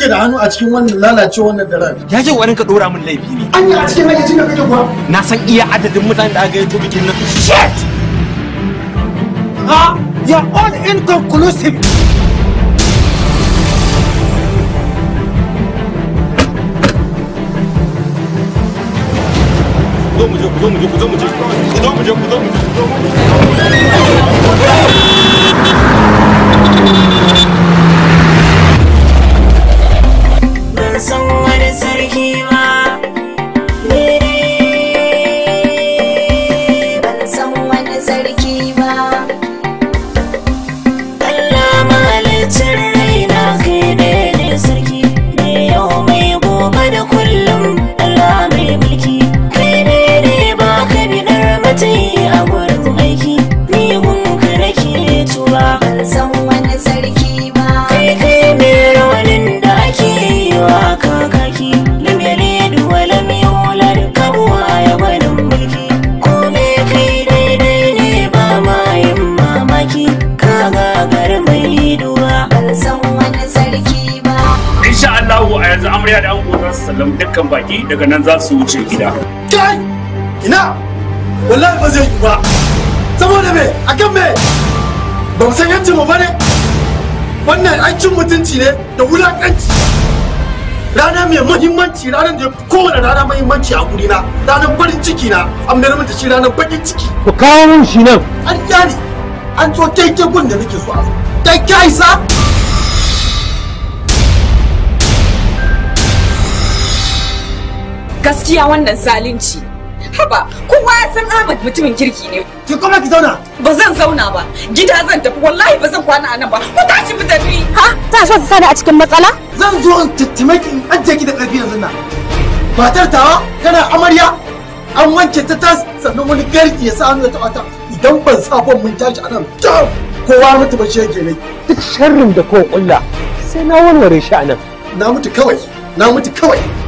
ke da hannu a cikin wannan lalace wannan daren. Ya ce wani ka dora min laifi ne. Anya a cikin hayyacin da kake kuwa. Na san iya adadin mutanen da aka yi to bikin nan. Shit! Ha? ya all inconclusive. Zo mu je, zo mu je, zo mu je, zo mu je, zo mu je, zo mu je. amarya da ango za su sallama dukkan baki daga nan za su wuce gida kai ina wallahi ba zai yi ba saboda me akan me ba mu san yancin mu ne? wannan an cin mutunci ne da wulakanci rana mai muhimmanci ranar da kowane rana muhimmanci a na ranar farin ciki na an mayar mata shi ranar bakin ciki ku kawo mun shi nan an kyari an zo kai gun da nake so a zo kai kai sa gaskiya wannan zalunci haba kowa ya san Ahmad mutumin kirki ne ki kuma ki zauna ba zan zauna ba gida zan tafi wallahi ba zan kwana anan ba ku tashi mu tafi ha ta so ta sani a cikin matsala zan zo in tattime ki in ajje ki da ƙarfi yanzu nan matar tawa kana amarya an wanke ta tas sannan wani garki ya sa hannu ya idan ban sa mun tashi anan kowa mutu ba yake ne duk sharrin da kowa kulla sai na warware shi anan na mutu kawai na mutu kawai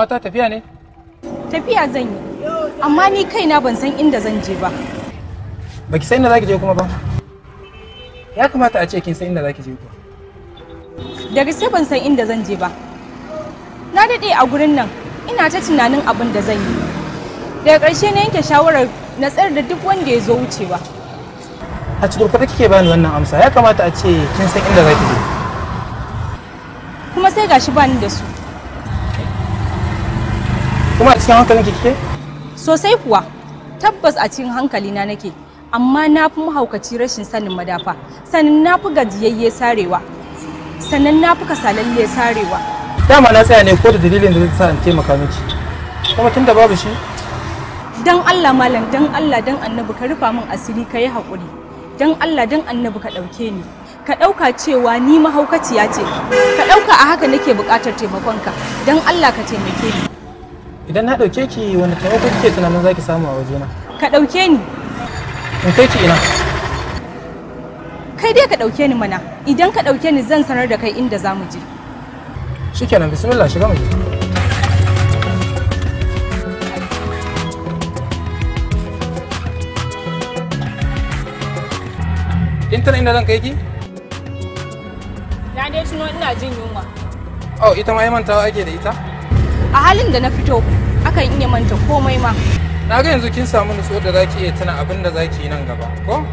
mata tafiya ne? Tafiya zan yi. Amma ni kaina ban san inda zan je ba. Baki san inda zaki je kuma ba? Ya kamata a ce kin san inda zaki je kuma. Da gaske ban san inda zan je ba. Na daɗe a gurin nan ina ta tunanin abin da zan yi. Daga ƙarshe na yanke shawarar na tsayar da duk wanda ya zo wucewa. A cikin kuɗi kike bani wannan amsa ya kamata a ce kin san inda zaki je. Kuma sai gashi bani da su. kuma a cikin hankalin ki kike sosai kuwa tabbas a cikin hankalina nake amma na fi mahaukaci rashin sanin madafa sannan na fi gajiyayye sarewa sannan na fi kasalalle sarewa dama na tsaya ne ko da dalilin da zai sa in taimaka miki kuma tunda babu shi dan Allah malam dan Allah dan annabi ka rufa min asiri ka yi dan Allah dan annabi ka dauke ni ka dauka cewa ni mahaukaciya ce ka dauka a haka nake buƙatar taimakonka dan Allah ka taimake ni idan na ɗauke ki wani taimako kike tunanin zaki samu a wajena ka ɗauke ni in kai ki ina kai dai ka ɗauke ni mana idan ka ɗauke ni zan sanar da kai inda za mu je shikenan bismillah shiga mu je in tana inda zan kai ki? Na dai tuno ina jin yunwa. Oh, ita ma mantawa ake da ita? a halin da na fito akan iya manta komai ma na ga yanzu kin samu nutsuwar da zaki iya tuna abin da zaki yi nan gaba ko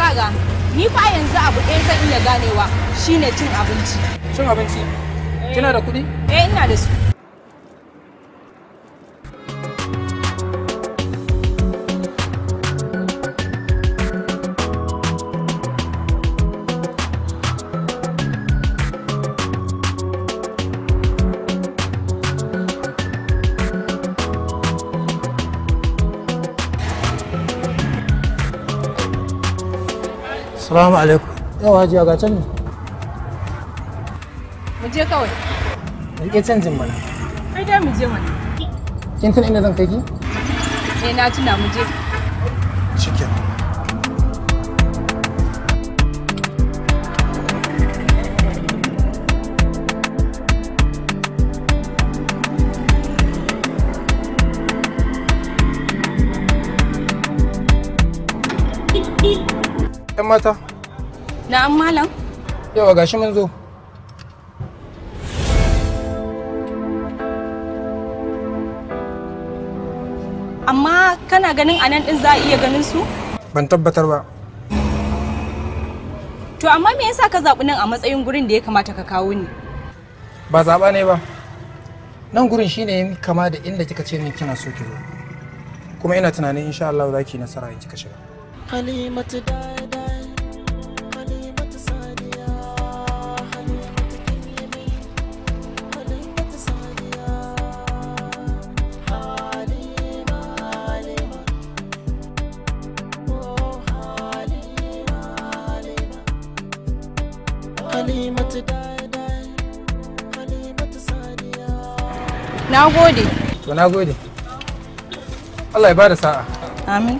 kaga ni fa yanzu abu ɗaya zan iya ganewa shine cin abinci cin abinci kina da kuɗi eh ina da su Salamu alaikum. Yawa hajiya ga can ne. Mu je kawai. Rike canjin mana. Kai da mu je mana. Kin tuna inda zan kai ki? Eh na tuna mu je. mata? Na'am malam. Yawa gashi mun zo. Amma kana ganin anan din za a iya ganin su? Ban tabbatar ba. To amma me yasa ka zaɓi nan a matsayin gurin da ya kamata ka kawo ni? Ba zaɓa ne ba. Nan gurin shine kama da inda kika ce min kina so ki zo. Kuma ina tunanin insha Allah za ki nasara in kika shiga. Halimatu dai. na gode Allah ya bada sa'a amin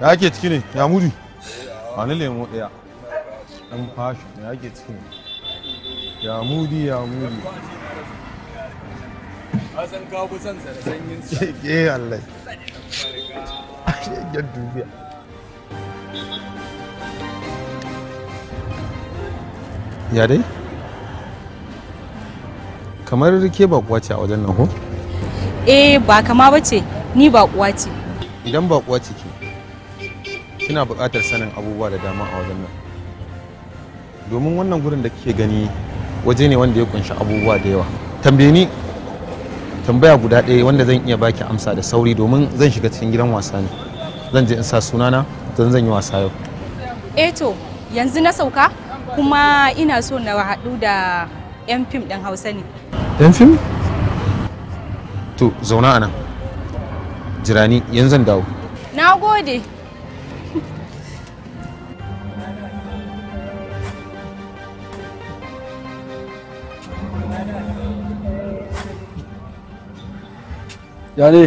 Ya ke ciki ne, ya mudu Wani lemo ɗaya. Ɗan fashi, ya ke ciki ne. Ya mudu ya mudu. san ka fi son sa da sanyin sa eh Allah ya dubiya ya dai kamar ke baƙuwa ce a wajen nan ko eh ba kama ba ce ni baƙuwa ce idan baƙuwa ce ke kina buƙatar sanin abubuwa da dama a wajen nan domin wannan gurin da kike gani waje ne wanda ya kunshi abubuwa da yawa tambaye ni tambaya guda ɗaya wanda zan iya baki amsa da sauri domin zan shiga cikin gidan wasa ne zan je in sa sunana don zan yi wasa yau eto eh yanzu na sauka kuma ina so na haɗu da 'yan fim ɗin hausa ne 'yan fim to zauna a jirani yanzu dawo na gode ya ne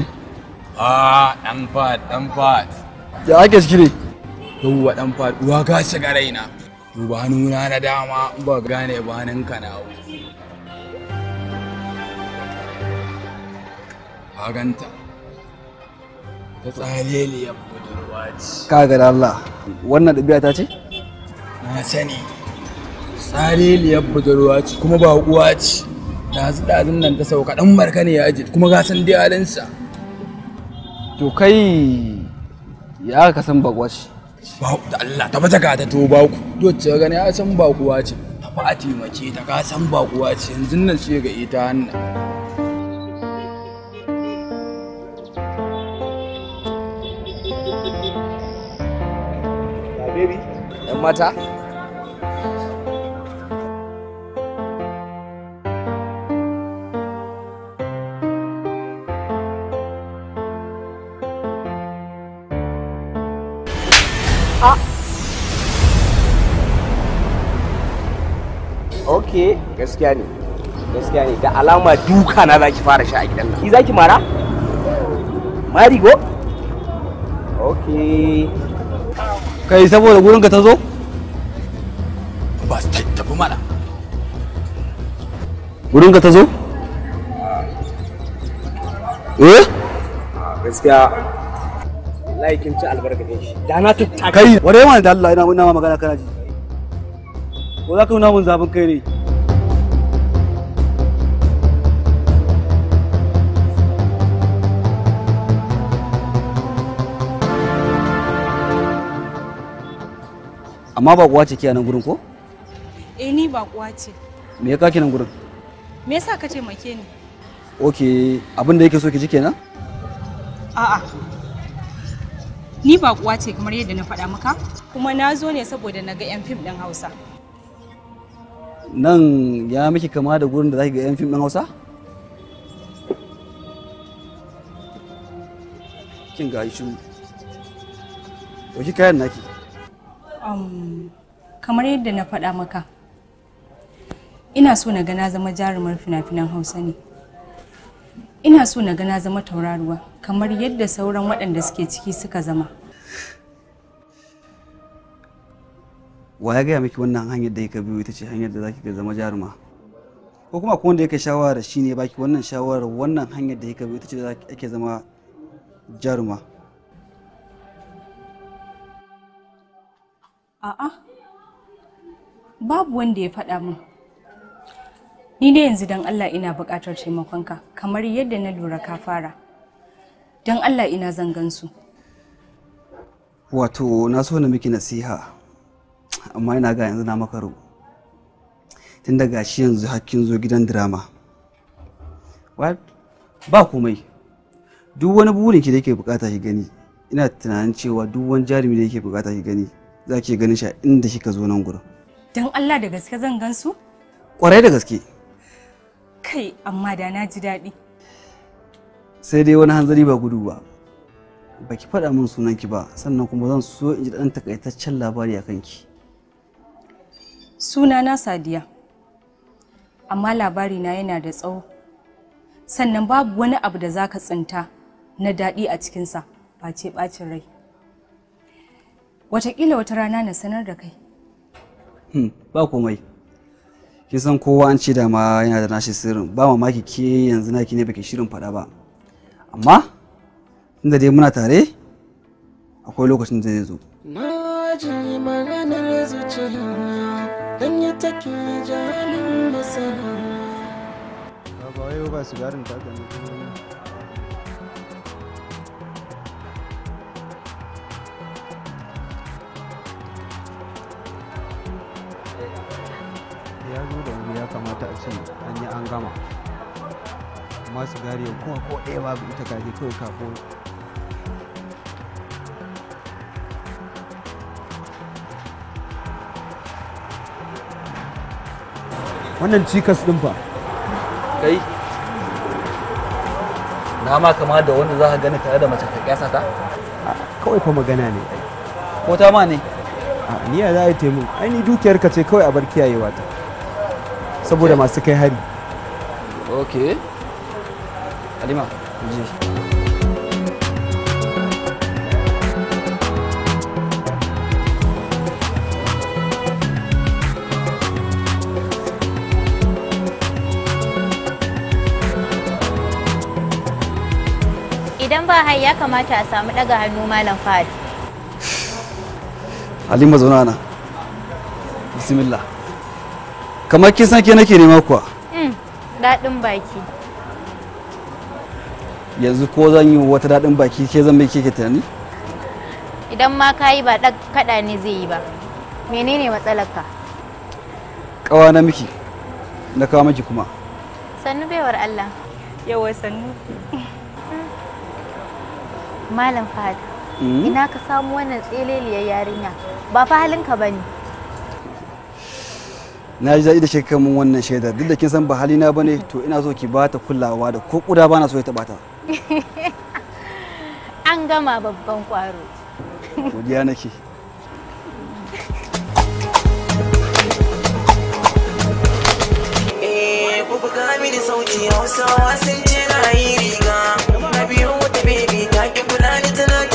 ah dan fat fat ya ake ciki ne yawwa dan fat uwa ka shiga raina duba nuna na dama ba gane ba nan ka nawo haganta ta tsaleliyar budurwa ce kaga da Allah wannan ɗabi'a ta ce na sani tsaleliyar budurwa ce kuma ba uwa ce ɗazu ɗazun nan ta sauka ɗan barka ne ya aji kuma ga san dai halinsa to kai ya ka san bakwa ce da Allah ta bata ka ta to baku dole gani ya san bakuwa ce ta fa a taimake ta ka san bakuwa ce yanzu nan ce ga ita hannan Baby, ‘yan mata? Ah. Ok, gaskiya ne. Gaskiya ne, da alama duka na zaki fara sha a gidan nan. Ki zaki mara? Mari go? Ok. Kai saboda gurinka ta zo? Ba su tafi mana. Gurinka ta zo? Ah. Eh? Ah, gaskiya wallahi kin ci albarkatin shi da na tattaka kai ware yawan da Allah ina ina magana kana ji ko za ka nuna mun zafin kai ne amma ba kuwa ce ke nan gurin ko? eh ni ba kuwa ce me ya kake nan gurin? me yasa ka taimake ni? ok abin da yake so ki ji kenan? a'a ni ba kuwa ce kamar yadda na faɗa maka kuma na zo ne saboda na ga 'yan fim ɗin hausa nan ya miki kama da gurin da za ki ga 'yan fim ɗin hausa kin ga shi ɗauki kayan naki kamar yadda na faɗa maka ina so na ga na zama jarumar fina-finan hausa ne ina so na gana zama tauraruwa kamar yadda sauran waɗanda suke ciki suka zama wa ya gaya miki wannan hanyar da ya biyo ita ce hanyar da za ki zama jaruma ko kuma akwai wanda yake shawara shi ne baki wannan shawarar wannan hanyar da ya biyo ita ce da ake zama jaruma a'a babu wanda ya faɗa min ni dai yanzu don Allah ina buƙatar taimakonka kamar yadda na lura ka fara don Allah ina zan gansu wato na so na miki nasiha amma ina ga yanzu na makaro tun daga shi yanzu hakkin zo gidan drama ba komai duk wani burin ki da yake bukata ki gani ina tunanin cewa duk wani jarumi da yake bukata ki gani za ki ganin shi inda kika zo nan gurin don Allah da gaske zan gansu kwarai da gaske Kai, amma da na ji daɗi. Sai dai wani hanzari ba gudu ba. ba Baki faɗa min ki ba, sannan kuma zan so in ji ɗan takaitaccen labari a kanki. Sunana Sadiya. Amma labari na yana da tsawo. Sannan babu wani abu da za ka tsinta na daɗi a cikinsa, ce ɓacin rai. Wataƙila wata rana na sanar da kai. Hmm, ba komai. ki san kowa an ce da yana da nashi sirrin ba mamaki ke yanzu naki ne baki shirin faɗa ba amma inda dai muna tare akwai lokacin da zai zo take ba yau ba ta gani yazo zo da wuri ya kamata a ce an yi an gama amma sigari ya kuma ko ɗaya babu ita kaje kawai kafo. wannan cikas ɗin fa kai na ma kama da wanda za ka gani tare da mace ka kyasa ta kawai fa magana ne ko ta ma ne a niya za a yi taimu ai ni dukiyar ka ce kawai a bar kiyayewa ta saboda masu kai hari ok alima je idan ba hai ya kamata a samu daga hannu malam fahad halima zauna na bismillah kamar kin san ke nake nema kuwa mm, daɗin baki yanzu ko zan yi wata daɗin baki ke zan mai kike tunani idan ma ka yi ba kaɗa ne zai yi ba menene matsalarka ƙawa na miki na kawo miki kuma sannu baiwar allah yawa sannu malam fahad mm? ina ka samu wannan tseleliyar yarinya ba fa halinka ba ne na ji daɗi da shi mun wannan shaidar duk da kin san ba halina ba ne to ina so ki ba ta kulawa da ko kuda ba na so ya taɓa ta an gama babban kwaro godiya nake eh, buga mini sauti hausawa sun ce na yi riga na biyu wata bebi ta ki fulani tana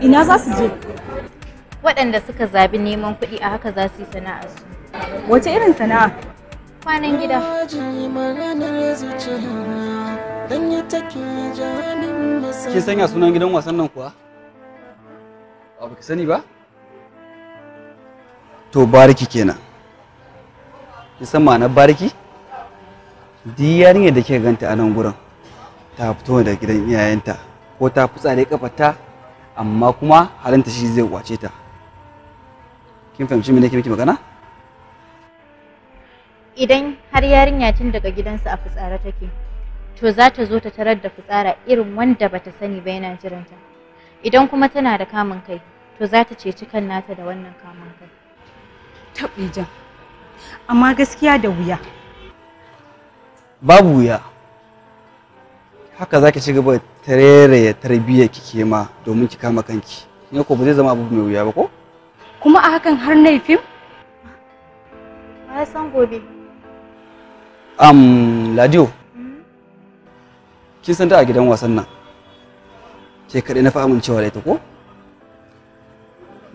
ina za su je waɗanda suka zabi neman kuɗi a haka za su yi sana'a su wace irin sana'a kwanan gida kin sanya sunan gidan wasan nan kuwa ba ki sani ba to bariki kenan ki san na bariki duk yarinyar da kika ganta a nan gurin ta fito da gidan iyayenta ko ta fitsare kafata? amma kuma halinta shi zai kwace ta kin fahimci me nake miki magana idan har yarinya tun daga gidansa a fitsara take to za ta zo ta tarar da fitsara irin wanda bata sani ba yana jiranta idan kuma tana da kamun kai to za ta ceci kan nata da wannan kamun kai tabbijan amma gaskiya da wuya babu wuya haka zaki ci gaba tarereye tarbiyyar ki ke ma domin ki kama kanki ne ko ba zai zama abu mai wuya ba ko kuma a hakan har na fim san gobe am ladio hmm? kin san ta a gidan wasan nan ke kaɗai na fi amincewa da ita ko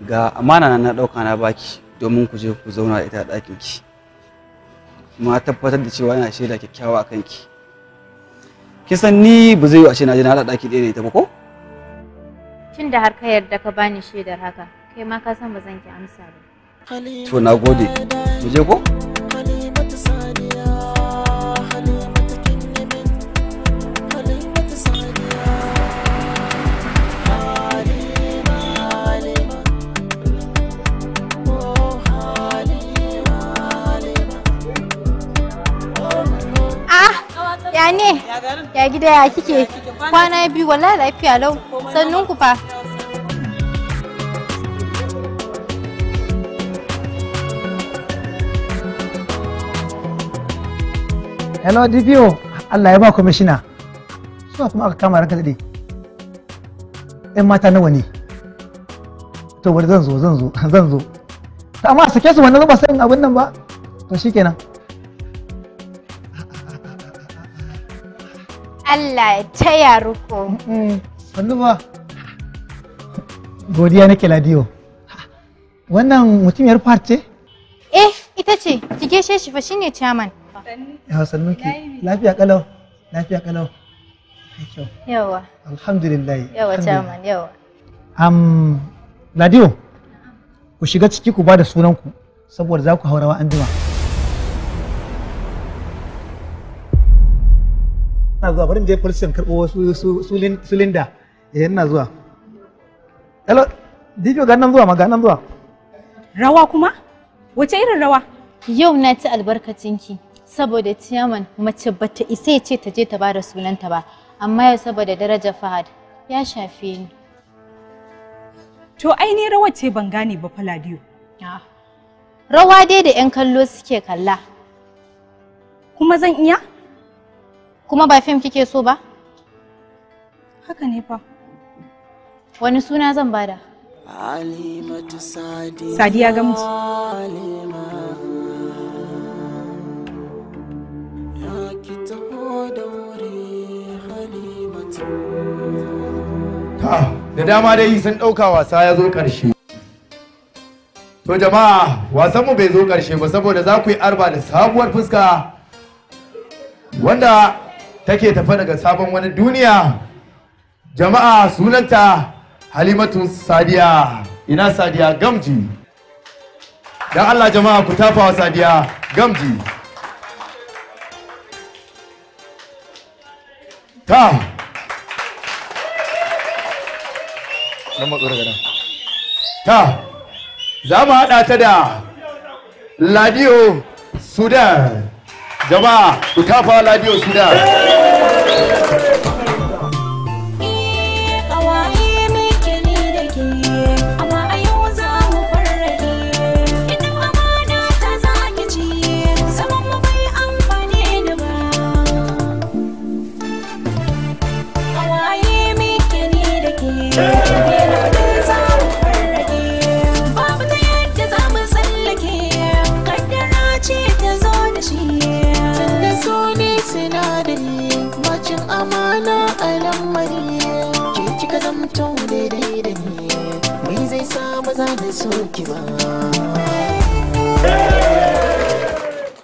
ga amana na ɗauka na baki domin ku je ku zauna da ita a ɗakin ki kuma tabbatar da cewa yana shaida kyakkyawa a kanki kisan ni ba zai yi a ce na je na haɗa ɗaki ɗaya da ita ba ko? Tun da har ka yarda ka bani shaidar haka, kai ma ka san ba zan ki amsa ba. To na gode, mu je ko? ya gida ya kike kwana biyu wala lafiya lau sannun ku fa hello dpo allah ya ba kwamishina suna kuma aka kama ranka daɗe yan mata nawa ne to wani zan zo zan zo zan zo amma sake su wannan ba sai abin nan ba to shikenan Allah ya taya ruko. Mm, mm. Sannu ba. Godiya nake ladiyo. Wannan mutum yar far ce? Eh, ita ce. Ki geshe shi fa shine chairman. Yawa sannu ki. Lafiya kalau. Lafiya kalau. Yawa. Alhamdulillah. Yawa chairman, yawa. Am ladiyo. Ku shiga ciki ku ba da sunanku saboda za ku haurawa anjima. ina zuwa bari je karɓo wasu silinda eh ina zuwa hello dijo ga nan zuwa ma zuwa rawa kuma wace irin rawa yau na ci albarkacinki saboda ciyaman mace bata isa ya ce ta je ta bada sunanta ba amma yau saboda daraja fahad ya shafe ni to ainihin rawa ce ban gane ba faladiyo ah, rawa dai da 'yan kallo suke kalla kuma zan iya Kuma ba fim kike so ba? Haka ne fa. Wani suna zan bada? Sadiya Gamji. da dama dai yi sun ɗauka wasa ya zo ƙarshe. To jama'a wasanmu bai zo ƙarshe ba saboda za ku yi arba da sabuwar fuska wanda take tafi daga sabon wani duniya jama'a sunanta halimatu sadiya ina sadiya gamji don allah jama'a ku tafa wa sadiya gamji ta ta za mu haɗa ta da ladiyo sudan jama'a ku tafa ladiyo su da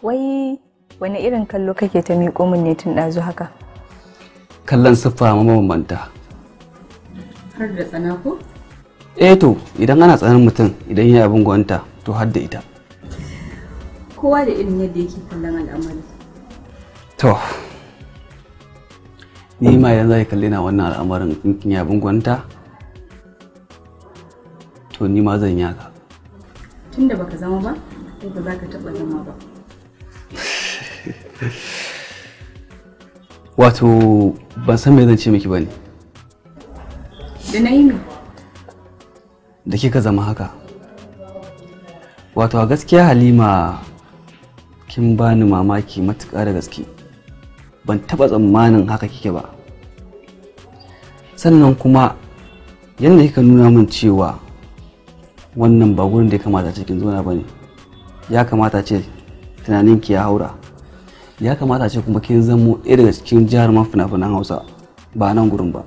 wai wani irin kallo kake ta miƙo min ne tun ɗazu haka kallon siffa mabambanta har da tsana ko eh to idan ana tsanar mutum idan ya abin gwanta to har da ita kowa da irin yadda yake kallon al'amari to ni ma yanzu ya kalli na wannan al'amarin in ya abin gwanta to ni ma zan yaka tunda baka zama ba ba za ka taba zama ba wato ban san me zan ce miki bane da na yi da kika zama haka wato a gaskiya halima kin bani mamaki matuƙa da gaske ban taɓa tsammanin haka kike ba sannan kuma yadda kika nuna min cewa wannan ba gurin da ya kamata cikin kin ba ne ya kamata ce tunanin ki ya haura ya kamata ce kuma kin zamo ɗaya daga cikin jaruman fina-finan hausa ba nan gurin ba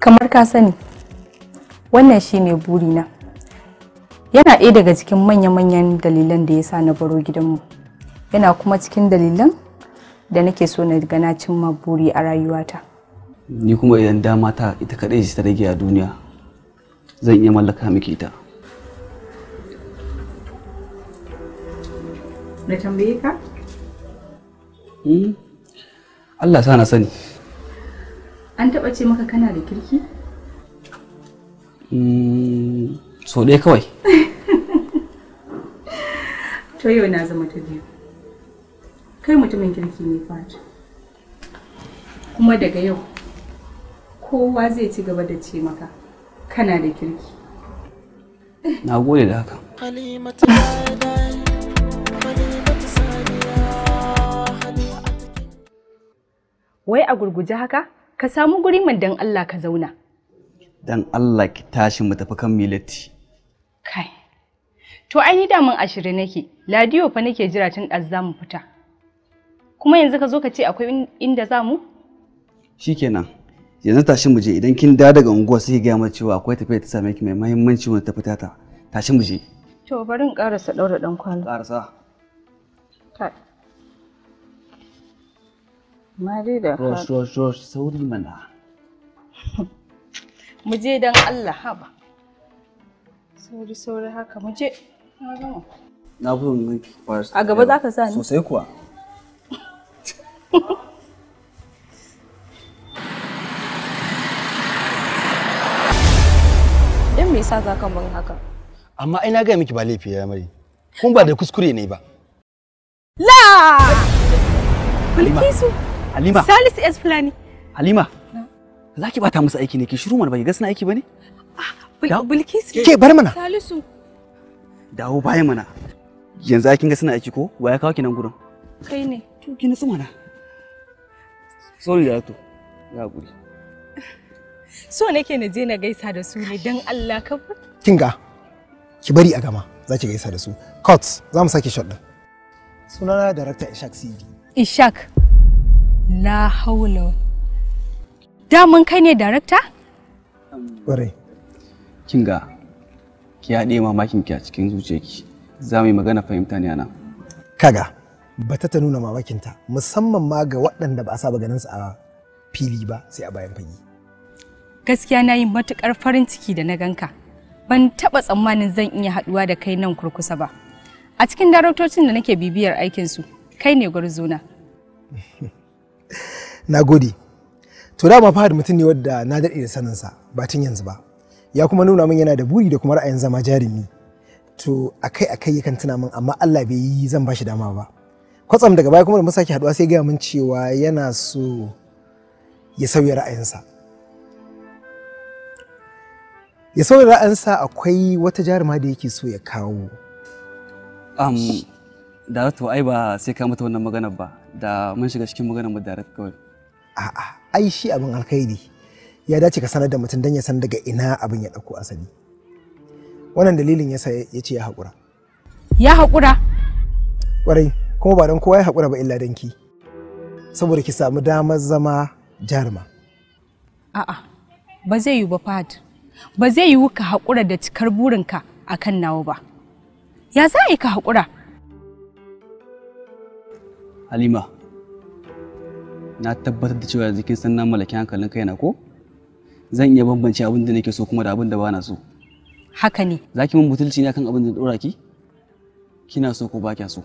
kamar ka sani wannan shi ne burina yana ɗaya daga cikin manya-manyan dalilan da ya sa na baro gidanmu yana kuma cikin dalilan da nake so na gana na cimma buri a rayuwata ni kuma idan dama ta ita kaɗai ce ta rage a duniya zan iya mallaka miki ita na tambaye ka? Hmm? Allah sa na sani an taɓa ce maka kana da kirki? Hmm, so ɗaya kawai to yau na zama ta biyu kai mutumin kirki ne fata kuma daga yau kowa zai ci gaba da ce maka kana da kirki na gode da haka wai a gurguje haka ka samu guri man dan Allah ka zauna dan Allah ki tashi mu tafi kan milati kai to ai ni damun ashirin nake ladiyo fa nake jira tun ɗaz za mu fita kuma yanzu ka zo ka ce akwai inda za mu shikenan yanzu tashi mu je idan kin da daga unguwa sai ki gaya mata cewa akwai tafiya ta same ki mai muhimmanci wanda ta fita ta tashi mu je to bari in karasa daura dan kwano karasa ta Mari da Rosh, rosh, rosh, sauri mana. Mu je dan Allah haba. Sauri, sauri haka mu je. Na gama. Na fi A gaba za ka sa ni? Sosai kuwa. yasa za ka min haka? Amma ai na gaya miki ba laifi ya mari. Kun ba da kuskure ne ba. La! Bilkisu. Halima. Salisu S Fulani. Halima. Za ki bata musu aiki ne ki shiru mana ba ki gasna aiki bane? Ah, Bilkisu. Ke bar mana. Salisu. Dawo baya mana. Yanzu kin ga suna aiki ko? Wa ya kawo ki nan gurin? Kai ne. To ki nutsu mana. Sorry da to. Ya guri. so nake na je na gaisa da su ne don Allah ka kinga ki bari a gama za ki gaisa da su court za mu sake shot din sunana director Ishak CD. Ishak la haula da mun kai ne director ƙwarai kinga ki haɗe mamakin ki a cikin zuciyarki za mu yi magana fahimta ne ana. kaga bata ta nuna mamakinta musamman ma ga waɗanda ba a saba ganin su a fili ba sai a bayan fage gaskiya na yi matuƙar farin ciki da na ganka ban taɓa tsammanin zan iya haɗuwa da kai nan kurkusa ba a cikin daraktocin da nake bibiyar aikinsu kai ne gwarzona na gode to da dama fahad mutum ne wadda na daɗe da saninsa ba tun yanzu ba ya kuma nuna min yana da buri da kuma ra'ayin zama jarumi to akai akai yakan tuna min amma Allah bai yi zan bashi dama ba kwatsam daga baya kuma da mun sake haduwa sai gaya min cewa yana so ya sauya ra'ayinsa ya sau ra'ansa akwai wata jaruma da yake so ya kawo um, Darakta ai ba sai ka mata wannan maganar ba da mun shiga cikin maganar mu Darakta kawai. A'a ai shi abin alkhairi ya dace ka sanar da mutum don ya san daga ina abin ya ɗauko asali. Wannan dalilin ya ya ce ya haƙura. Ya haƙura? Ƙwarai kuma ba don kowa ya haƙura ba illa ki Saboda ki samu damar zama jaruma. A'a ba zai yi ba Fahad. ba zai yiwu ka haƙura da cikar burinka a kan nawa ba ya za a yi ka haƙura halima na tabbatar da cewa jikin san na mallaki hankalin kaina ko zan iya bambance abin da nake so kuma da abin da ba na so haka ne za ki min butulci ne akan abin da ɗora ki kina so ko ba kya so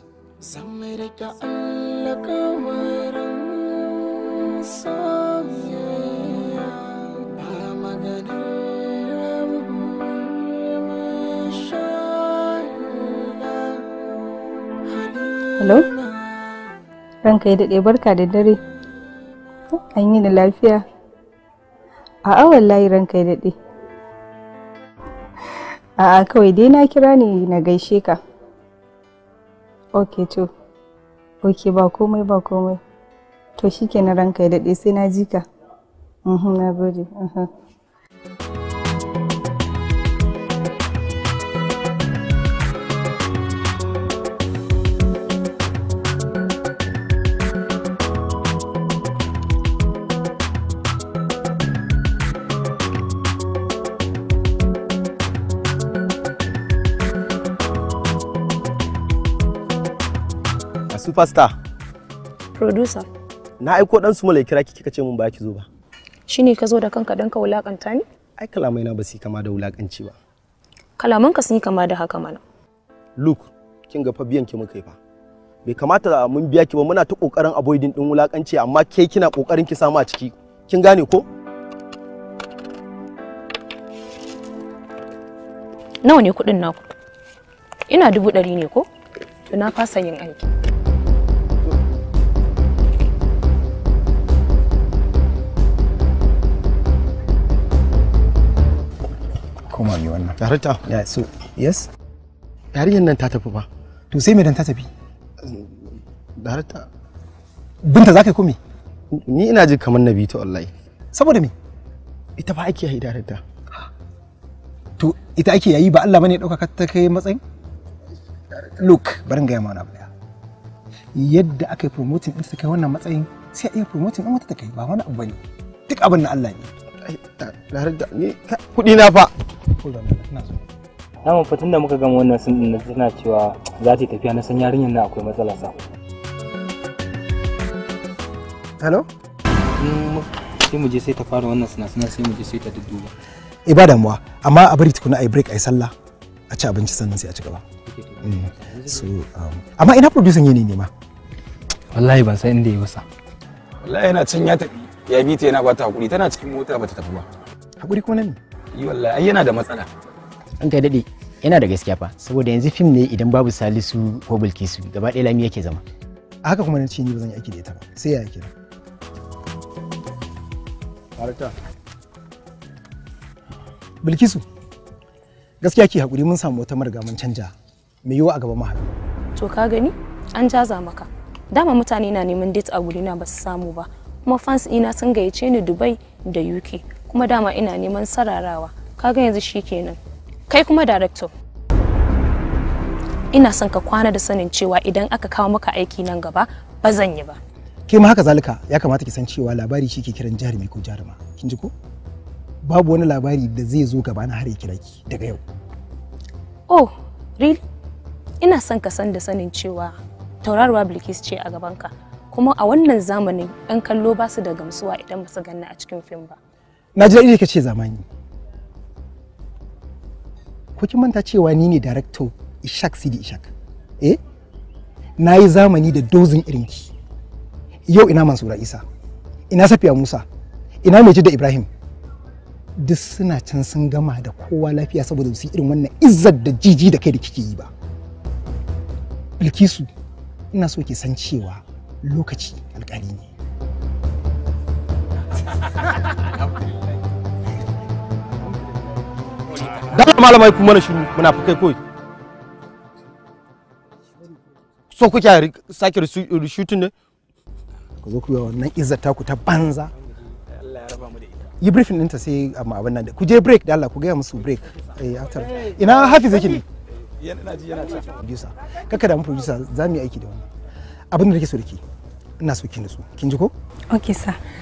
hello ranka yi daɗe barka da dare an yi da lafiya a awon layi ranka yi daɗe a kawai dai na kira ne na gaishe ka ok to ok ba komai ba komai to shi ke na ranka ya daɗe sai na ji ka mhm, na gode mhm. superstar producer na aiko dan su mala kira ki kika ce mun ba ki zo ba shine ka zo da kanka dan ka wulakanta ni ai kalamai na ba su kama da wulakanci ba kalaman ka sun yi kama da haka mana look kin ga fa biyan ki muka yi fa bai kamata mun biya ki ba muna ta kokarin avoiding din wulakanci amma ke kina kokarin ki samu a ciki kin gane ko nawa ne kudin naku ina dubu ɗari ne ko to na fasa yin aiki koma mai wannan darakta ya so yes yarinyar nan ta tafi ba to sai me dan ta tafi darakta binta zaka komi. ni ina ji kamar nabi ta wallahi saboda me ita ba ake yi darakta to ita ake yayi ba Allah bane ya dauka ta kai matsayin look barin ga yamma na baya yadda aka yi promoting din ta kai wannan matsayin sai a iya promoting din wata ta kai ba wani abu bane duk abin na Allah ne kuɗi na fa kun da ina so na mafatin da muka gama wannan sun din tana cewa za ta tafiya na san yarinyar na akwai matsala sa hello mm, sai mu je sai ta fara wannan suna sai mu je sai ta dudduba ibada eh, damuwa. amma a bari tukuna ai break ai sallah a ci abinci sannan sai a ci gaba mm, so um, amma ina producing yene ne ma wallahi ban san inda ya wasa wallahi yana can ya tafi ya bi ta yana bata hakuri tana cikin mota bata tafi ba hakuri kuma ne wallahi yana da matsala an kai dade yana da gaskiya fa saboda yanzu fim ne idan babu salisu ko bilkisu gaba ɗaya lami yake zama haka kuma na ce ni ba zan yi aiki da ita ba sai ya yake harta bilkisu gaskiya ki hakuri mun samu wata marga mun canja mai yiwa a gaban mahaɗu to ka gani an jaza maka dama mutane na neman date a na ba su samu ba kuma fans ina sun gayyace ni dubai da uk kuma dama ina neman sararawa kaga yanzu shi kenan kai kuma director ina son ka kwana da sanin cewa idan aka kawo maka aiki nan gaba ba zan yi ba ke ma haka zalika ya kamata ki san cewa labari shi ke kiran jarumi ko jaruma kin ji ko babu wani labari da zai zo gaba na har ya kira ki daga yau oh really ina son ka san da sanin cewa tauraruwa bilkis ce a gaban ka kuma a wannan zamanin 'yan kallo ba su da gamsuwa idan ba su ganna a cikin fim ba na ji daɗi ka ce zamani ko kin manta cewa ni ne director ishak sidi ishak eh na yi zamani da dozin irin ki. yau ina mansura isa ina safiya musa ina mai da ibrahim duk suna can sun gama da kowa lafiya saboda su irin wannan izzar da jiji da kai da kike yi ba bilkisu ina so ki san cewa lokaci alƙali ne dan malamai kuma na shiru muna fukai koi so kuke sake rishutun ne ku zo ku yi wannan izzata ku ta banza yi briefing ɗinta sai amma abin nan ku je break da Allah ku ga musu break eh after ina hafi zaki ne yana ji yana ta producer kaka da mu za mu yi aiki da wannan abin da so da ke ina so ki nutsu kin ji ko okay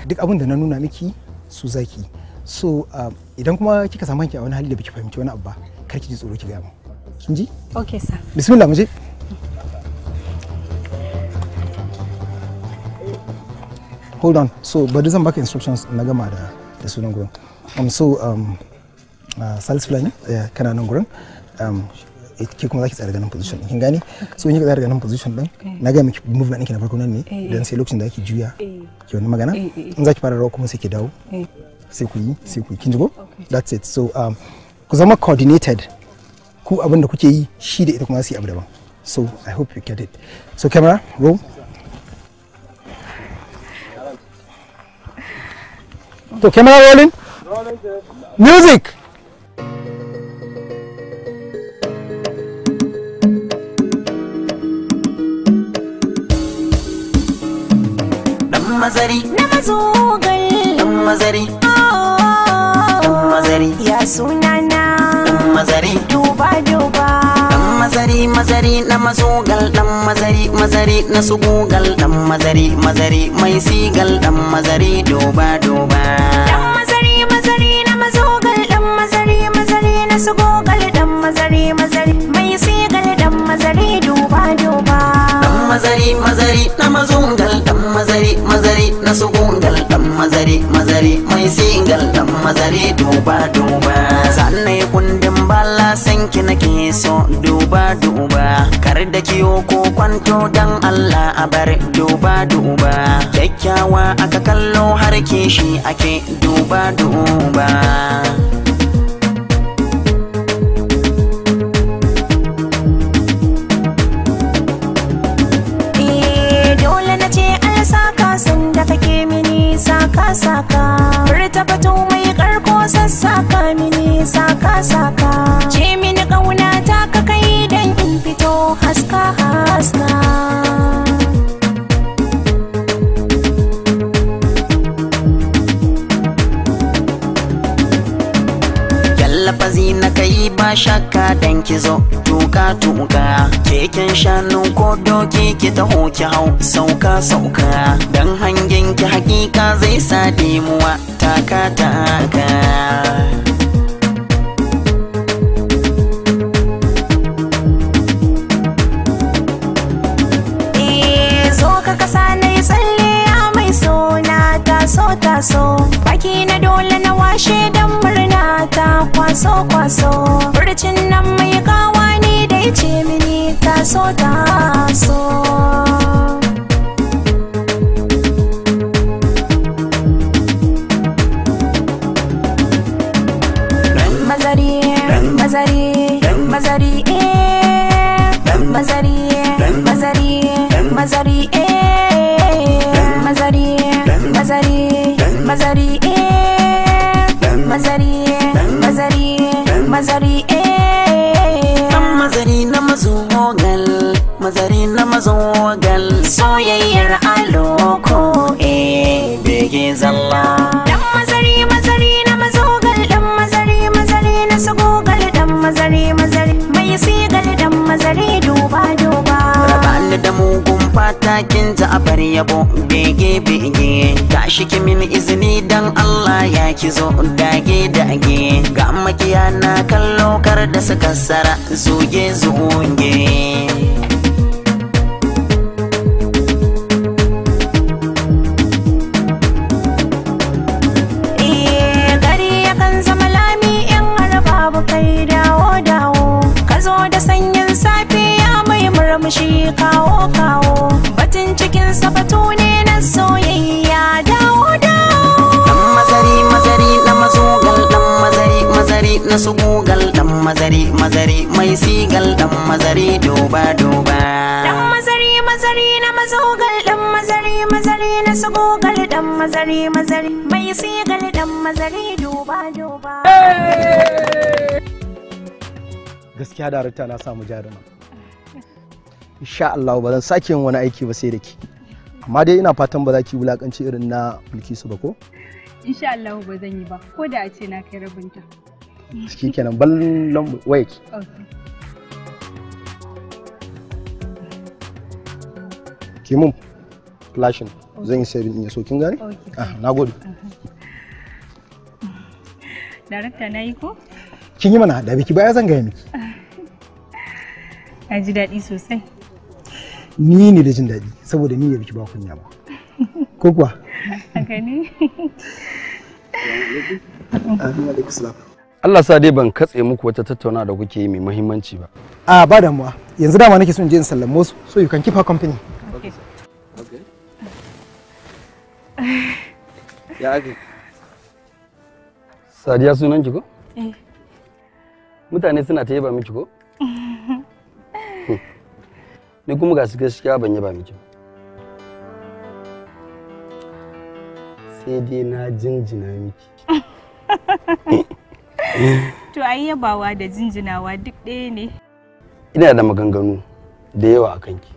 duk abin da na nuna miki su zaki so um, idan kuma kika samu kanki a wani hali da baki fahimci wani abu ba kar ki ji tsoro ki ga mu kin ji okay sir bismillah muje hold on so bari zan baka instructions na gama da da sunan gurin um so um uh, sales plan yeah, kana nan gurin um eh, ke kuma zaki tsara ganin position kin gane so in kika tsara ganin position din na ga miki movement ɗinki na farko nan ne dan eh, eh. sai lokacin da ake juya ki wani magana in zaki fara rawa kuma sai ki dawo sai ku yi sai yi kin ji ko that's it so um, ku zama coordinated ku abin da kuke yi shi da ita kuma su yi abu daban so i hope you get it so camera roll to camera rolling music mazari na mazogal mazari mazari ya sunana dan mazari duba duba dan mazari mazari na mazugal dan mazari mazari na sugugal dan mazari mazari mai sigal dan mazari duba duba dan mazari mazari na mazugal dan mazari mazari na sugugal dan mazari mazari mai sigal dan mazari duba duba dan mazari mazari na mazungal dan mazari mazari na sugugal dan mazari mazari mazari mai singal dan mazari duba duba sannan kundin bala sanki nake so duba duba kar da kiyo ko kwanto dan Allah a bar duba duba kyakkyawa aka kallo har kishi ake duba duba saka saka furta batu mai karko sassaka mini saka saka shakka dan ki zo tuka tuka keken shanu ko doki ki taho ki hau sauka sauka dan hangen ki hakika zai sa demuwa taka taka so taso baki na dole na washe ta kwaso kwaso furcin nan mai kawa ne da ya ce mini ta so mazari mazari mazari eh. mazari mazari mazari eh. mazogal soyayyar aloko eh bege zalla dan mazari mazari na mazogal dan mazari mazari na sagogal dan mazari mazari mai sigal dan mazari duba duba rabani da mugun fatakin ta a bar yabo bege bege tashi ki min izini dan Allah ya ki zo dage dage ga makiya na kallo kar da suka sara zuge zuge murmushi kawo kawo batun cikin sabatu ne na soyayya dawo dawo dan mazari mazari na mazugal dan mazari mazari na sugugal dan mazari mazari mai sigal dan mazari doba doba dan mazari mazari na mazugal dan mazari mazari na sugugal dan mazari mazari mai sigal dan mazari doba doba gaskiya da na samu jaruma insha Allah ba zan sake yin wani aiki ba sai da ke amma dai ina fatan ba za ki wulakanci irin na Bilkisu ba ko insha Allah ba zan yi ba ko da a ce na kai rabinta shi kenan ballon waya ki ki mun flashing zan yi sabin ya so kin gane ah nagode mhm. Darakta na yi ko? Kin yi mana da biki baya zan gaya miki. Na ji daɗi sosai. ni ne da jin daɗi saboda ni ne biki ba kunya ba ko kuwa haka ne Allah sa dai ban katse muku wata tattauna da kuke yi mai muhimmanci ba a ba damuwa yanzu dama nake so in je in sallamo su so you can keep her company ya ake sadiya sunan ki ko eh. mutane suna ta yaba miki ko ni kuma gasu gaskiya ban yaba miki sai dai na jinjina miki to ai yabawa da jinjinawa duk ɗaya ne ina da maganganu da yawa a kanki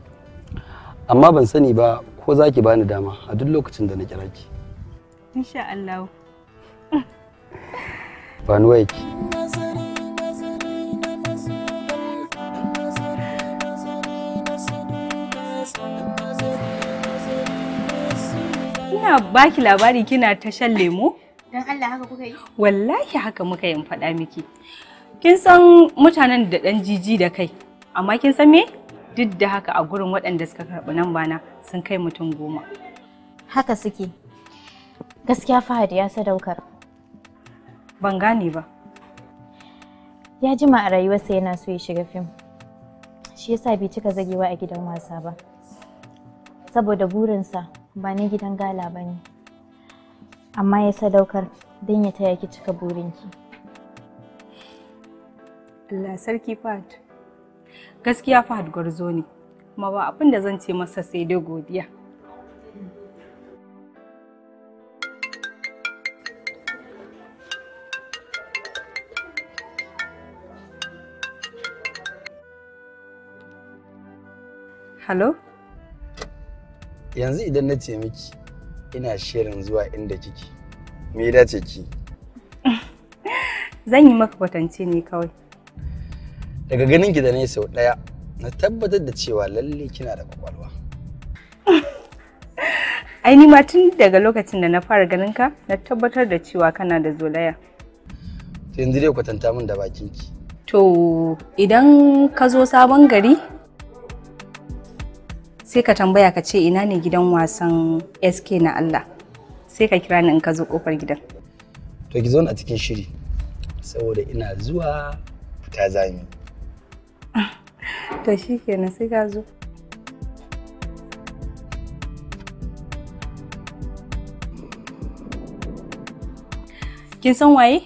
amma ban sani ba ko zaki bani dama a duk lokacin da na kira ki insha Allah ba ni ina baki labari kina tashan shan lemo dan Allah haka kuka yi wallahi haka muka yin faɗa miki kin san mutanen da dan jiji da kai amma kin san me duk da haka a gurin waɗanda suka karɓi nan bana sun kai mutum goma haka suke gaskiya Fahad ya sadaukar ban gane ba ya jima a rayuwarsa yana so ya shiga fim shi yasa bai cika zagewa a gidan wasa ba saboda burinsa ba gidan gala ba ne amma ya sadaukar don ya taya ki cika burinki Allah sarki Fahad gaskiya Fahad gwarzo ne kuma ba abin da zan ce masa sai dai godiya Hello? yanzu idan na ce miki ina shirin zuwa inda kike me ya dace ki zan yi maka kwatance ne kawai daga ganin ki da ne sau daya na tabbatar da cewa lalle kina da kwakwalwa ai ni ma tun daga lokacin da na fara ganin ka na tabbatar da cewa kana da zolaya yanzu dai kwatanta min da bakin ki to idan ka zo sabon gari sai ka tambaya ka ce ina ne gidan wasan sk na allah sai ka kira ni in ka zo kofar gidan to ki zo a cikin shiri saboda ina zuwa fita zami to shikenan sai ka zo kin san waye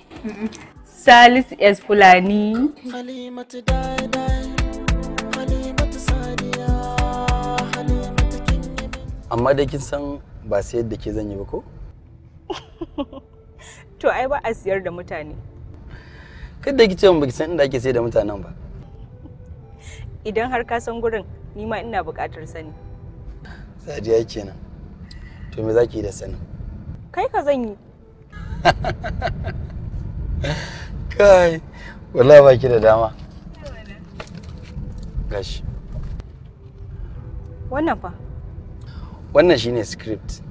Salisu S Fulani. amma dai kin san ba sayar da ke zan yi ba ko to ai ba a siyar da mutane kada ki ce ba ki san inda ake sayar da mutanen ba idan har ka san gurin ni ma ina buƙatar sani sadiya kenan to me zaki da sani. kai ka zan yi kai wallahi baki da dama gashi wannan fa wannan shine script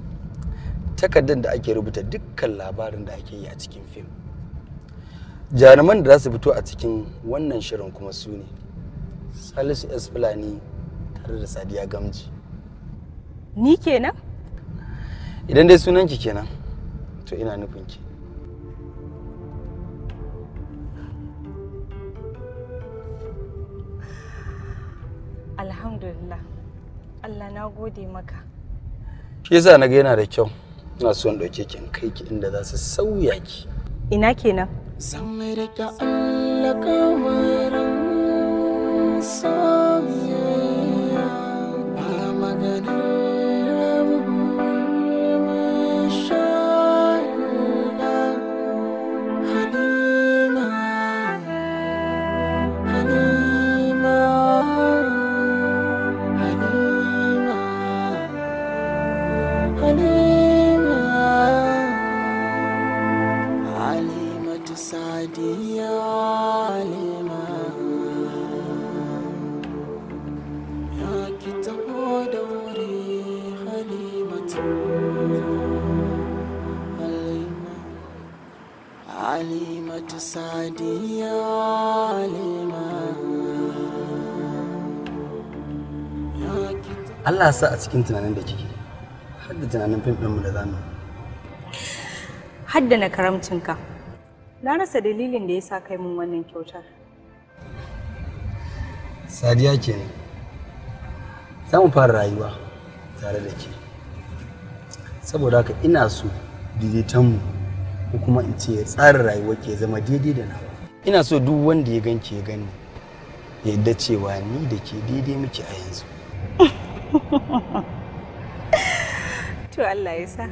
takardar da ake rubuta dukkan labarin da ake yi a cikin fim jaruman da za su fito a cikin wannan shirin kuma su ne salisu s fulani tare da sadiya gamji ni kenan idan dai sunanki kenan to ina nufin ki alhamdulillah allah na gode maka shi yasa na ga yana da kyau ina so in ɗauke ki in kai ki inda za su sauya ki ina kenan zan kawai ran sauya na sa a cikin tunanin da kike har da tunanin fim da zamu har da na karamcinka na rasa dalilin da ya sa kai mun wannan kyautar sadiya ke ne, za mu fara rayuwa tare da ke saboda haka ina so daidaitonmu ko kuma in ce tsarin rayuwa ke zama daidai da nawa ina so duk wanda ya gan ke gani ya yadda cewa ni da ke daidai muke a yanzu to Allah ya sa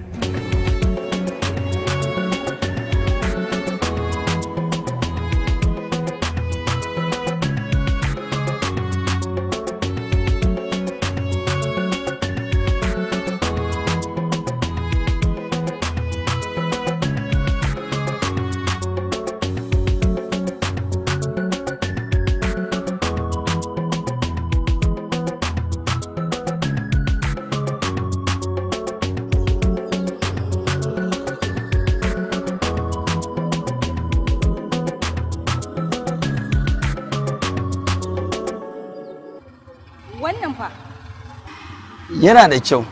yana da kyau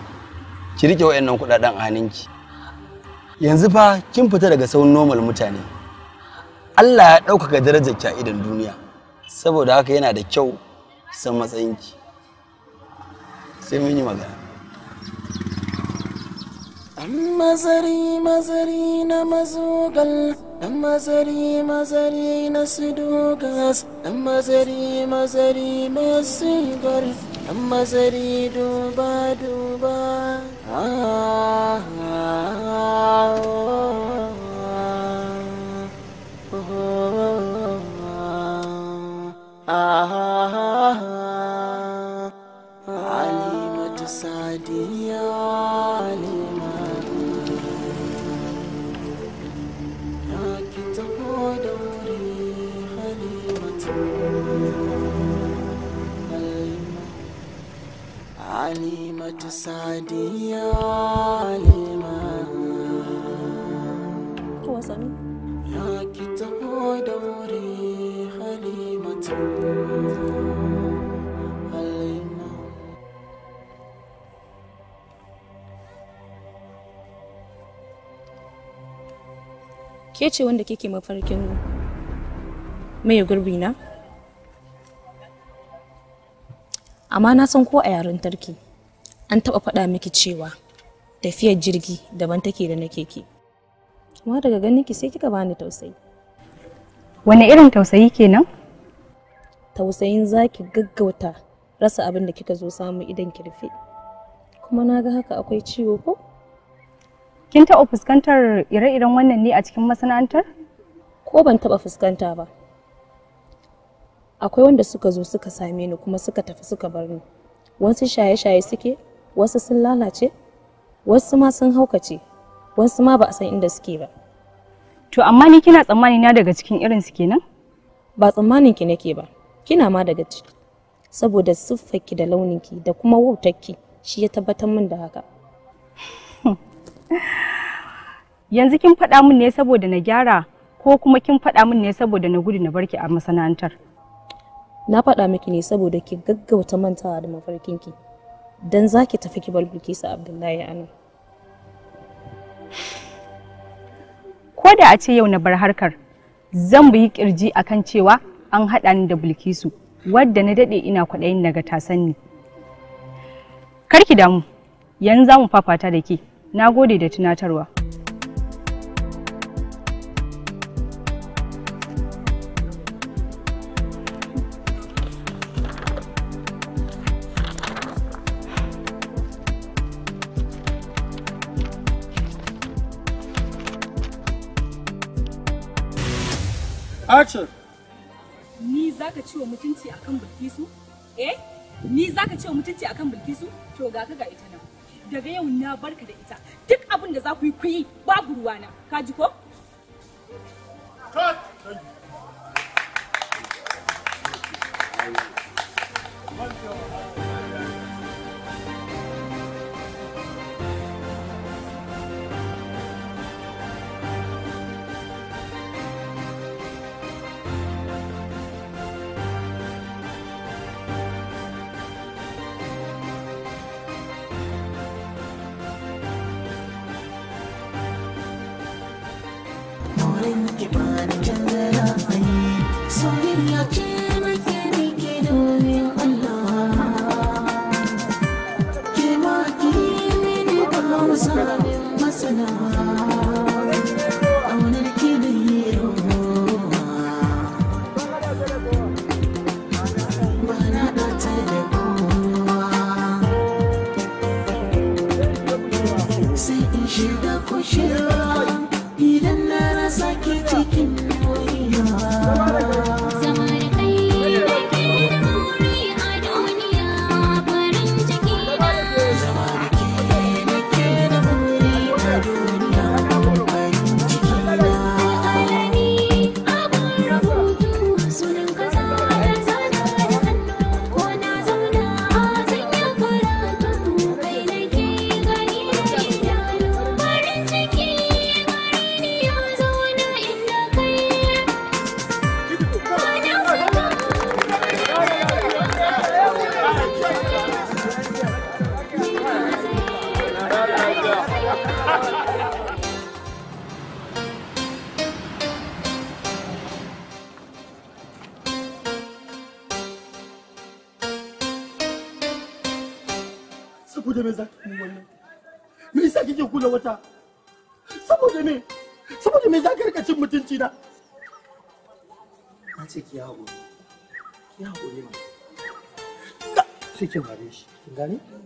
ki rike wayannan kudaden a hannunki yanzu fa kin fita daga saun normal mutane Allah ya ɗaukaka darajar ki a idan duniya saboda haka yana da kyau san matsayinki sai mun yi magana dan mazari mazari na mazugal dan mazari mazari na sidogas dan mazari mazari masu dan mazari duba duba ah, ah, ah. ta sadiya lima ya ki taho da wuri halimatu ke ce wanda kike mafarkin mai gurbi na amma na san ko a yaren tarki an taɓa faɗa miki cewa tafiyar jirgi daban take da nake keke kuma daga ganin ki sai kika bani tausayi wani irin tausayi kenan tausayin zaki gaggauta rasa abin da kika zo samu idan ki rufe kuma na ga haka akwai ciwo ko kin taɓa fuskantar ire-iren wannan ne a cikin masana'antar ko ban taɓa fuskanta ba akwai wanda suka zo suka same ni kuma suka tafi suka bar ni wasu shaye-shaye suke wasu sun lalace wasu ma sun haukace wasu ma ba a san inda suke ba to amma ni kina tsammani na daga cikin irin su kenan ba tsammanin ki nake ba kina ma daga ciki saboda siffarki da launinki da kuma wautarki shi ya tabbatar min da haka yanzu kin faɗa min ne saboda na gyara ko kuma kin faɗa min ne saboda na gudu na barki a masana'antar na faɗa miki ne saboda ki gaggauta mantawa da mafarkinki dan za ki tafi ki bar Bilkisu Abdullahi a Ko da a ce yau na bar harkar, zan bi kirji akan cewa an haɗa ni da Bilkisu, wadda na daɗe ina kwaɗayin daga tasan ni. Karki damu, yanzu za mu fafata da ke, na gode da tunatarwa. Ni zaka ka ciwo mutunci akan Bilkisu? Eh? Ni za ciwo mutunci akan Bilkisu? To ga ka ga ita nan. Daga yau na barka da ita. Duk abin da za ku yi ku yi babu ruwana. Ka ji ko? Cut!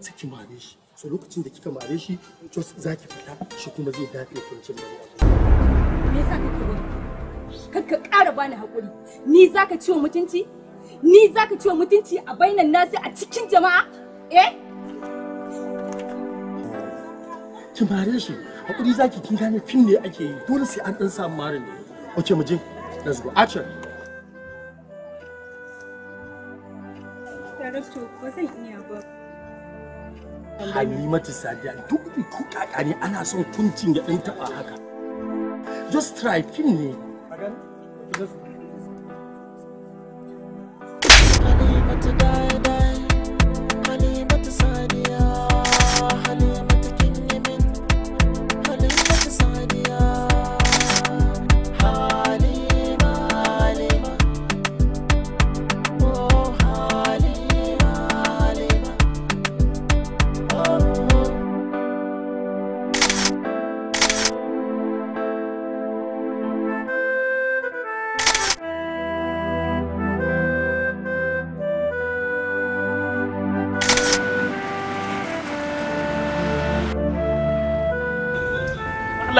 sai ki mare shi so lokacin da kika mare shi jos za ki fita shi kuma zai dafe kuncin da me yasa kake gudu kakka ƙara bani hakuri ni zaka ciwo mutunci ni zaka ciwo mutunci a bainan nasi a cikin jama'a eh ki mare shi hakuri zaki kin gane fim ne ake yi dole sai an dan samu mara ne okay mu je let's go action Director, ba zan iya ba. halimatu sadiya duk ku kaka ne ana son kuncin ya dan taba haka just try fin ne halimatu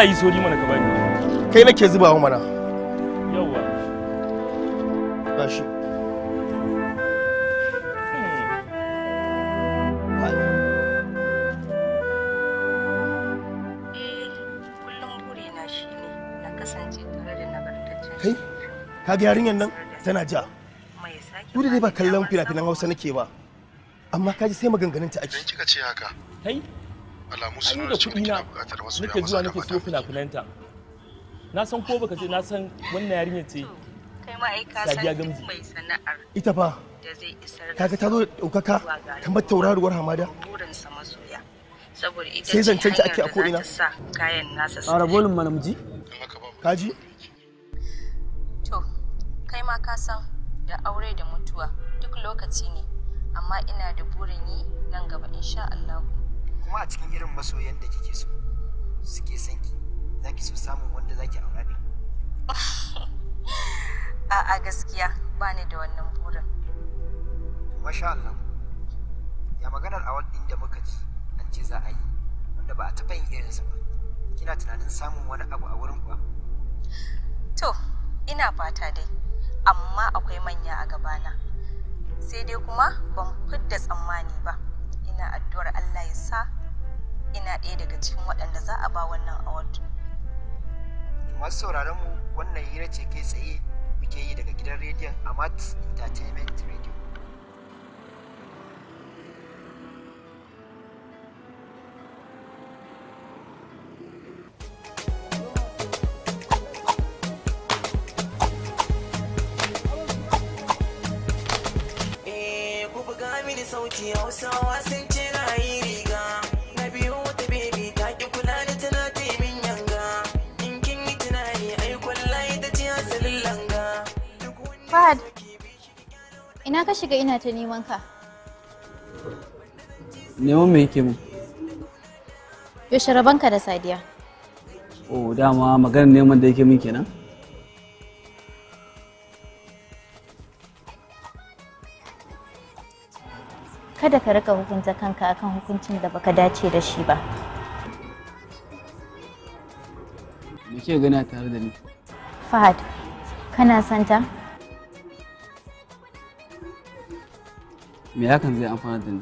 Allah yi sori mana ka bani kai nake zuba wa mana yawa gashi kai kaga yarinyar nan tana ja duk da dai ba kallon fina-finan hausa nake ba amma kaji sai maganganun ta ake kika ce haka kai alamu da kuɗi na nake zuwa nake siyo fina-finanta na san ko baka ce na san wannan yarinya ce kai ma ai ka san mai sana'ar ita fa kaga ta zo da ɗaukaka kamar tauraruwar hamada burinsa masoya saboda ita sai zancen ta ake a ko'ina kayan nasa a rabolin malamji kaji to kai ma ka san da aure da mutuwa duk lokaci ne amma ina da burin yi nan gaba insha Allah kuma a cikin irin masoyan da kike so suke son ki za ki so samun wanda za ki aura ne a gaskiya ba ni da wannan burin masha Allah ya maganar awal din da muka ji an ce za a yi wanda ba a taɓa yin irinsa ba kina tunanin samun wani abu a wurin kuwa to ina fata dai amma akwai manya a gabana sai dai kuma ban fidda tsammani ba ina addu'ar Allah ya sa ina ɗaya daga cikin waɗanda za a ba wannan award masu sauraron mu wannan hira ce kai tsaye muke yi daga gidan rediyon amat entertainment radio ga ina ta neman ka. Neman me yake mu? Yaushe rabanka da Sadiya. Oh, dama maganar neman da yake min kenan? Kada ka rika hukunta kanka akan hukuncin da baka dace da shi ba. Me ke gani tare da ni? Fahad, kana santa? me hakan zai amfana da ni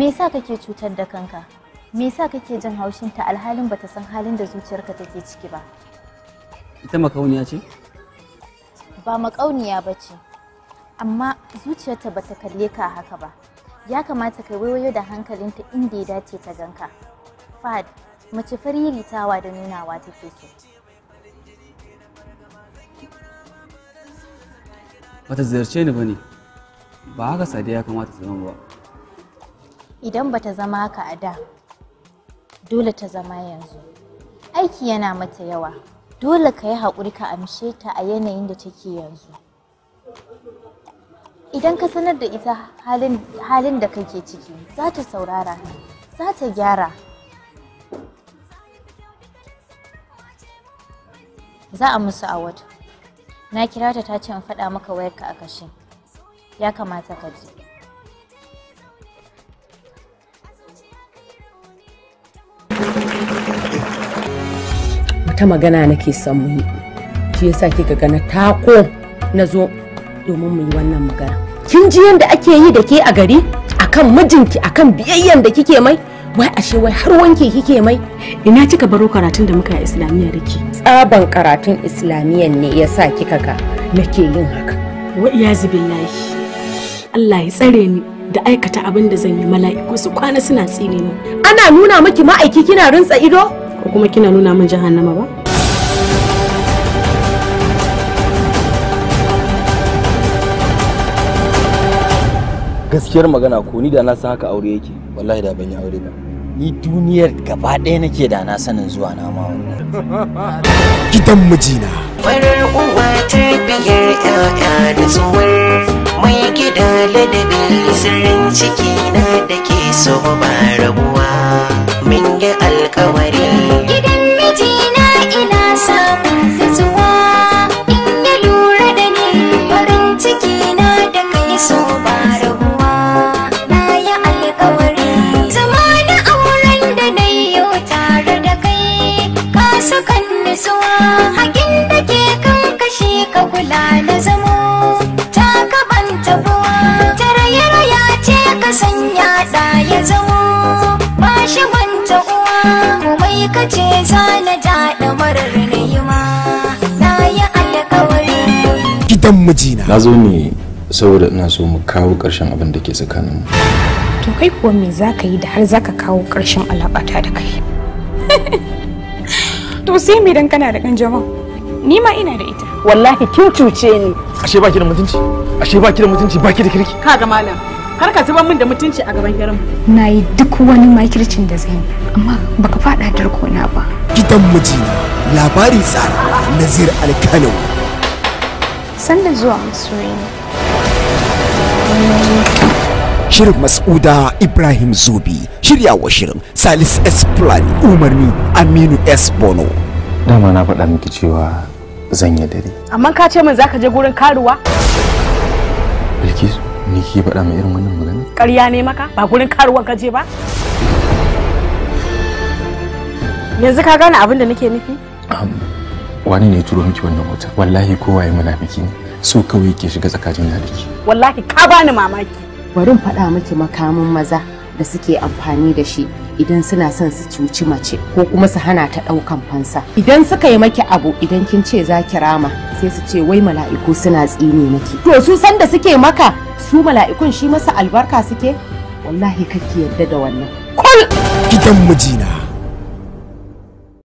me yasa kake cutar da kanka me yasa kake jin haushin ta alhalin bata san halin da zuciyarka take ciki ba ita makauniya ce ba makauniya bace. amma zuciyarta bata kalle ka haka ba ya kamata ka waiwayo da hankalinta inda ya dace ta ganka fad mace fariritawa da nunawa take so bata ziyarce ni ba ne ba haka sadiya ya kamata ta zama ba idan bata zama haka a da dole ta zama yanzu aiki yana mata yawa dole ka yi haƙuri ka amshe ta a yanayin da take yanzu idan ka sanar da ita halin da kake ciki za ta saurara za ta gyara za a musu a wata na kira ta ta ce in faɗa maka wayarka a kashe ya kamata ka ji wata magana nake son mu yi shi yasa kika gana tako na zo domin mu yi wannan magana kin ji yadda ake yi da ke a gari akan mijinki akan biyayyen da kike mai wai ashe wai har wanke kike mai ina kika baro karatun da muka islamiyya da ke tsaban karatun islamiyyan ne yasa kika ga nake yin haka wa iya zubillahi Allah ya tsare ni da aikata abin da zan yi mala'iku su kwana suna tsine ni ana nuna miki ma'aiki kina rintsa ido ko kuma kina nuna min jahannama ba gaskiyar magana ko ni da na san haka aure yake wallahi da ban yi aure ba ni duniyar gaba ɗaya nake da na sanin zuwa na ma wannan gidan mijina farar uwa ta biyar ƴaƴa da tsuwar mai gida ladabi sirrin ciki na da ke so ba rabuwa min yi alkawari gidan mijina na zo ne saboda ina so mu kawo ƙarshen abin da ke tsakanin to kai kuwa me za ka yi da har za ka kawo ƙarshen alaƙata da kai to sai me dan kana da ɗan ni ma ina da ita wallahi kin cuce ni ashe baki da mutunci ashe baki da mutunci baki da kirki ga malam kar ka zuba min da mutunci a gaban garin na yi duk wani makircin da zan yi amma baka faɗa darko na ba gidan mijina labari tsara nazir alkano sanda zuwa masoyina shirin mas'uda ibrahim zubi shiryawa shirin salis s plan umarni aminu s bono dama na faɗa miki cewa zan yi dare amma ka ce min zaka je gurin karuwa bilkisu ni ki faɗa mai irin wannan magana ƙarya ne maka ba gurin karuwa ka je ba yanzu ka gane abin da nake nufi wani ne turo miki wannan mota? wallahi kowa ya muna miki ne so kawai ke shiga tsakanin na wallahi ka bani mamaki bari in faɗa miki makamin maza da suke amfani da shi idan suna son su cuci mace ko kuma su hana ta ɗaukan fansa idan suka yi maki abu idan kin ce za ki rama sai su ce wai mala'iku suna tsine maki to su san da suke maka su mala'ikun shi masa albarka suke wallahi kake yarda da wannan kul gidan mijina